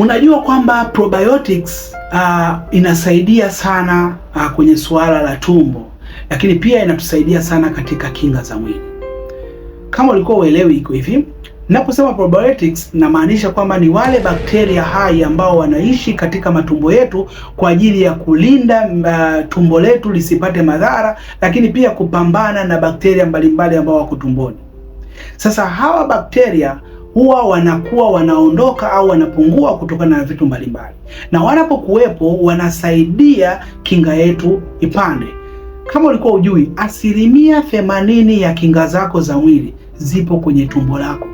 Unajua kwamba probiotics uh, inasaidia sana uh, kwenye suala la tumbo, lakini pia inatusaidia sana katika kinga za mwili. Kama ulikuwa uelewi, iko hivi. Naposema probiotics namaanisha kwamba ni wale bakteria hai ambao wanaishi katika matumbo yetu kwa ajili ya kulinda uh, tumbo letu lisipate madhara, lakini pia kupambana na bakteria mbalimbali ambao wako tumboni. Sasa hawa bakteria huwa wanakuwa wanaondoka au wanapungua kutokana na vitu mbalimbali, na wanapokuwepo wanasaidia kinga yetu ipande. Kama ulikuwa ujui, asilimia themanini ya kinga zako za mwili zipo kwenye tumbo lako.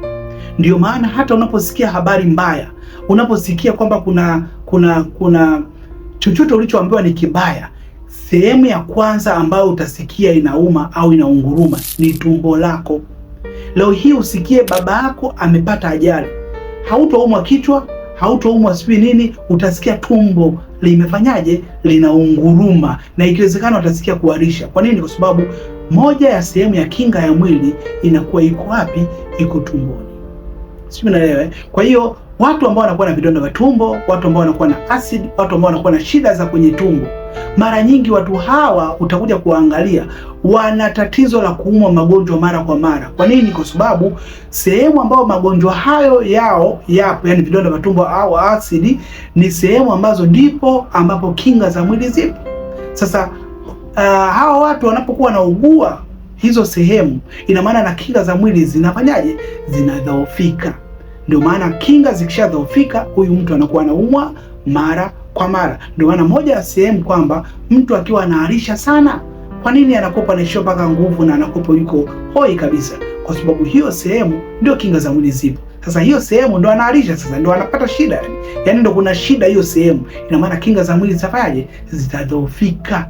ndio maana hata unaposikia habari mbaya, unaposikia kwamba kuna kuna kuna chochote ulichoambiwa ni kibaya, sehemu ya kwanza ambayo utasikia inauma au inaunguruma ni tumbo lako. Leo hii usikie baba yako amepata ajali, hautoumwa kichwa, hautoumwa sijui nini, utasikia tumbo limefanyaje, linaunguruma, na ikiwezekana utasikia kuharisha. Kwa nini? Kwa sababu moja ya sehemu ya kinga ya mwili inakuwa iko wapi? Iko tumboni. Sijui naelewa. Eh? Kwa hiyo watu ambao wanakuwa na vidonda vya tumbo, watu ambao wanakuwa na acid, watu ambao wanakuwa na shida za kwenye tumbo, mara nyingi watu hawa utakuja kuangalia wana tatizo la kuumwa magonjwa mara kwa mara. Kwa nini? Kwa sababu sehemu ambayo magonjwa hayo yao yapo, yani vidonda vya tumbo au asidi, ni sehemu ambazo ndipo ambapo kinga za mwili zipo. Sasa uh, hawa watu wanapokuwa wanaugua hizo sehemu, ina maana na kinga za mwili zinafanyaje? Zinadhoofika. Ndio maana kinga zikishadhoofika, huyu mtu anakuwa anaumwa mara kwa mara. Ndio maana moja ya sehemu kwamba mtu akiwa anaharisha sana, kwa nini anakuwa anaishiwa mpaka nguvu na anakuwa yuko hoi kabisa? Kwa sababu hiyo sehemu ndio kinga za mwili zipo. Sasa hiyo sehemu ndo anaharisha, sasa ndo anapata shida, yani yani ndo kuna shida hiyo sehemu. Ina maana kinga za mwili zitafanyaje? Zitadhoofika.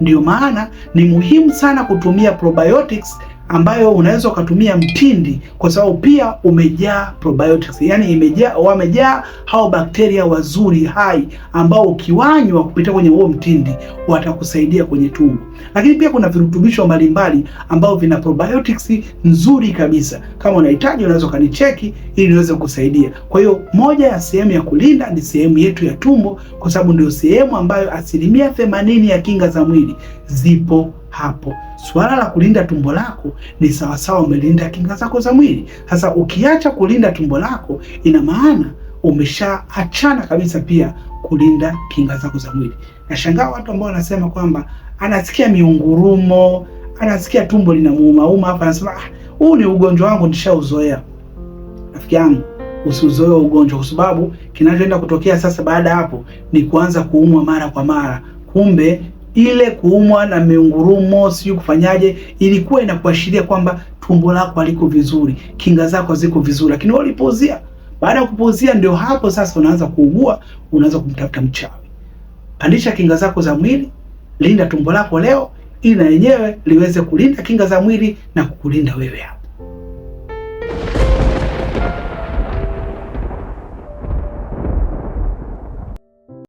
Ndio maana ni muhimu sana kutumia probiotics ambayo unaweza ukatumia mtindi, kwa sababu pia umejaa probiotics, yani imejaa wamejaa hao bakteria wazuri hai ambao ukiwanywa kupitia kwenye huo mtindi watakusaidia kwenye tumbo. Lakini pia kuna virutubisho mbalimbali ambao vina probiotics nzuri kabisa. Kama unahitaji unaweza ukanicheki ili niweze kukusaidia. Kwa hiyo moja ya sehemu ya kulinda ni sehemu yetu ya tumbo, kwa sababu ndio sehemu ambayo asilimia themanini ya kinga za mwili zipo hapo. Swala la kulinda tumbo lako ni sawasawa umelinda kinga zako za mwili. Sasa ukiacha kulinda tumbo lako, ina maana umeshaachana kabisa pia kulinda kinga zako za mwili. Nashangaa watu ambao wanasema kwamba anasikia miungurumo, anasikia tumbo linamuumauma hapa, anasema ah, huu ni ugonjwa wangu nishauzoea. Rafiki yangu usiuzoe ugonjwa, kwa sababu kinachoenda kutokea sasa baada hapo ni kuanza kuumwa mara kwa mara. Kumbe ile kuumwa na miungurumo, sijui kufanyaje, ilikuwa inakuashiria kwamba tumbo lako haliko vizuri, kinga zako ziko vizuri, lakini wewe ulipozia. Baada ya kupozia, ndio hapo sasa unaanza kuugua, unaanza kumtafuta mchawi. Pandisha kinga zako za mwili, linda tumbo lako leo, ili na yenyewe liweze kulinda kinga za mwili na kukulinda wewe.